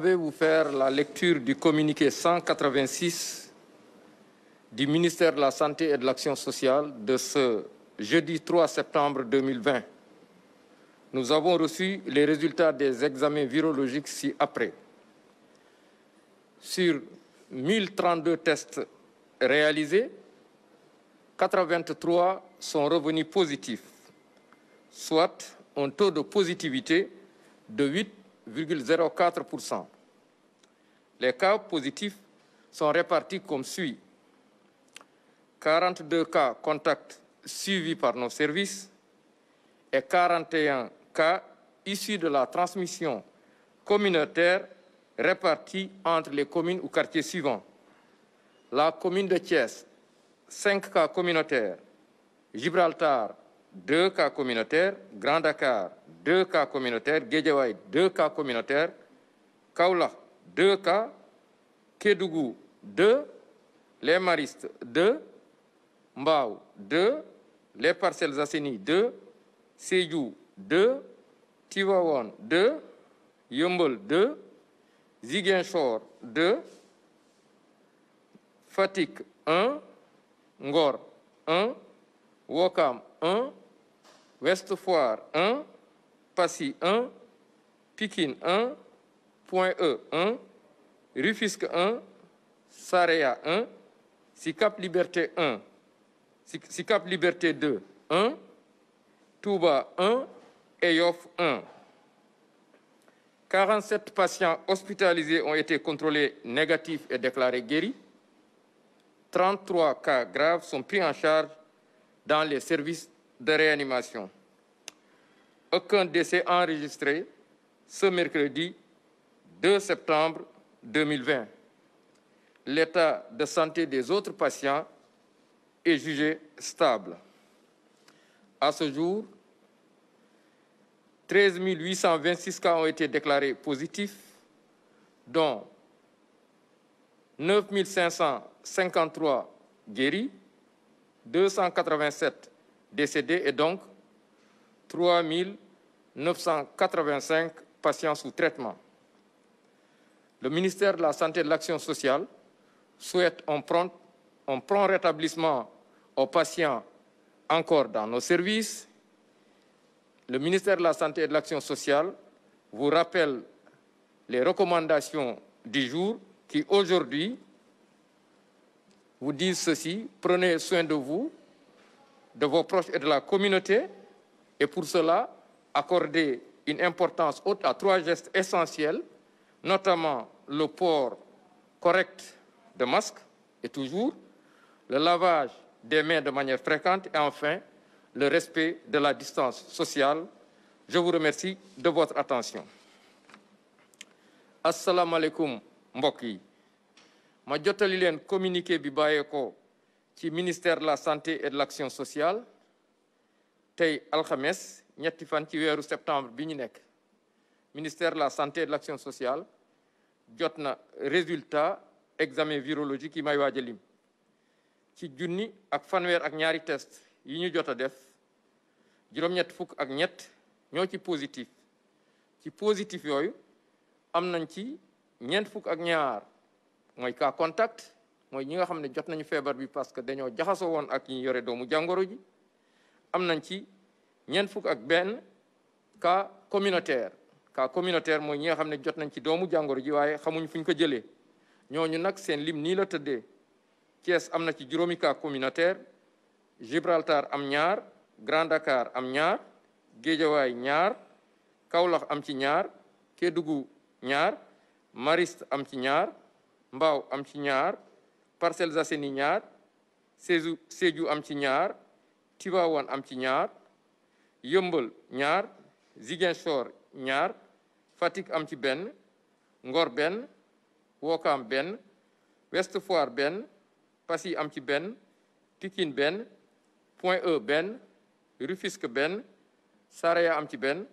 vais vous faire la lecture du communiqué 186 du ministère de la Santé et de l'Action sociale de ce jeudi 3 septembre 2020. Nous avons reçu les résultats des examens virologiques ci-après. Sur 1032 tests réalisés, 83 sont revenus positifs, soit un taux de positivité de 8 0,04%. Les cas positifs sont répartis comme suit. 42 cas contacts suivis par nos services et 41 cas issus de la transmission communautaire répartis entre les communes ou quartiers suivants. La commune de Thiès, 5 cas communautaires. Gibraltar, 2 cas communautaires, Grand Dakar, 2 cas communautaires, Gedewaï, 2 cas communautaires, Kaula, 2 cas, Kedougou 2, Les Maristes, 2, Mbao, 2, Les Parcelles Asini, 2, Seyou, 2, Tiwawan, 2, Yombol, 2, Zigenchor, 2, Fatik, 1, Ngor, 1, Wokam, 1, Westfoire 1, Passy 1, Pikine 1, Point E 1, Rufisque 1, Sarea 1, SICAP Liberté 1, SICAP Liberté 2, 1, Touba 1, EYOF 1. 47 patients hospitalisés ont été contrôlés négatifs et déclarés guéris. 33 cas graves sont pris en charge dans les services de réanimation. Aucun décès enregistré ce mercredi 2 septembre 2020. L'état de santé des autres patients est jugé stable. À ce jour, 13 826 cas ont été déclarés positifs, dont 9 553 guéris, 287 décédés et donc 3 985 patients sous traitement. Le ministère de la Santé et de l'Action sociale souhaite un prendre rétablissement aux patients encore dans nos services. Le ministère de la Santé et de l'Action sociale vous rappelle les recommandations du jour qui aujourd'hui vous disent ceci, prenez soin de vous, de vos proches et de la communauté, et pour cela, accorder une importance haute à trois gestes essentiels, notamment le port correct de masques et toujours, le lavage des mains de manière fréquente et enfin, le respect de la distance sociale. Je vous remercie de votre attention. Assalamu alaikum Mboki. ma communiqué bi ci ministère de la santé et de l'action sociale Tay alxames ñetti fan ci wéru septembre bi ministère de la santé et de l'action sociale jotna résultat examen virologique yi may waaj lim ci junni ak fanweer ak ñaari test yi ñu jotta def juroom ak ñoo ci positif ci positif yoyu, am nañ ci ñeent fuk ak ñaar cas contact mooy ñi nga xam ne jot nañu feebar bi parce que dañoo jaxasoo woon ak ñi yore doomu jàngoro ji am nañ ci ñeent fukk ak benn cas communautaire ka communautaire mooy ñi nga xam ne jot nañ ci doomu jàngoro ji waaye xamuñ fu ñu ko jëlee ñooñu nag seen lim nii la tëddee Thiès am na ci juróomi cas communautaire Gibraltar am ñaar Grand Dakar am ñaar Géejawaay ñaar Kaolack am ci ñaar kedugu ñaar Mariste am ci ñaar Mbao am ci ñaar Parcelles à ñaar Sédhiou Sédhiou am ci ñaar Tivaouane am ci ñaar Yëmbal ñaar ñaar Ngor ben Wokam Ben, Westfoar Ben, ben, Passy am ci ben, Point E ben, Rufisque Ben, Saraya am ci ben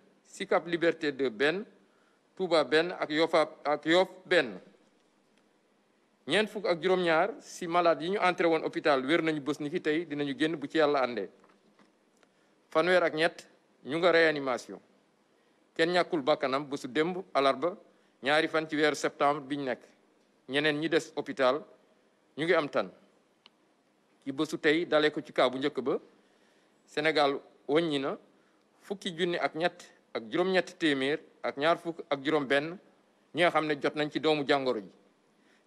Liberté de BEN, Touba ben, ak ben, ñen fuk ak juroom ñaar si malade yi ñu entré won hôpital wër nañu bëss ni fi tay dinañu genn bu ci andé fan wër ak ñet ñu nga réanimation kenn bakanam bu su demb alarba ñaari fan ci wër septembre biñ nek ñeneen ñi des hôpital ñu ngi am tan ci bëssu tay dalé ko ci ka bu ñëk ba Sénégal fukki junni ak ñet ak juroom ñet ak ñaar fuk ak juroom ben ñi nga xamné jot nañ ci doomu jangoro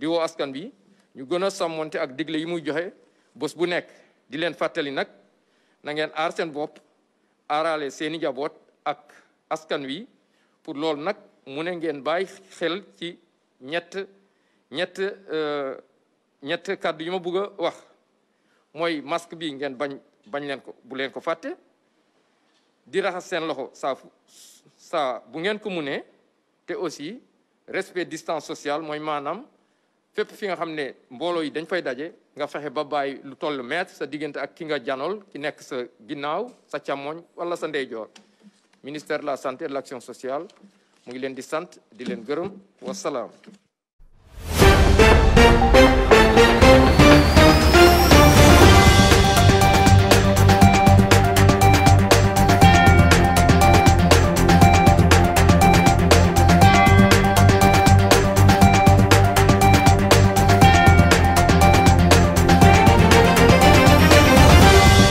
di wo askan bi ñu gëna samonté ak digle yi muy joxé bés bu nekk di leen fatali nak na ngeen ar sen bop aralé seeni jabot ak askan wi pour lool nak mu ne ngeen bay xel ci ñett ñett euh, ñett kaddu yu ma bëgg wax moy masque bi ngeen bañ bañ leen ko bu leen ko faté di raxas sen loxo sa sa bu ngeen ko munee té aussi respect distance sociale moy manam. fépp fi nga xam ne mbooloo yi dañ fay daje nga fexe ba bàyyi lu toll mètre sa diggante ak ki nga janool ki nekk sa ginnaaw sa càmmoñ wala sa ndeyjoor ministère de la santé et de l'action sociale mu ngi leen di sant di leen gërëm wasalaam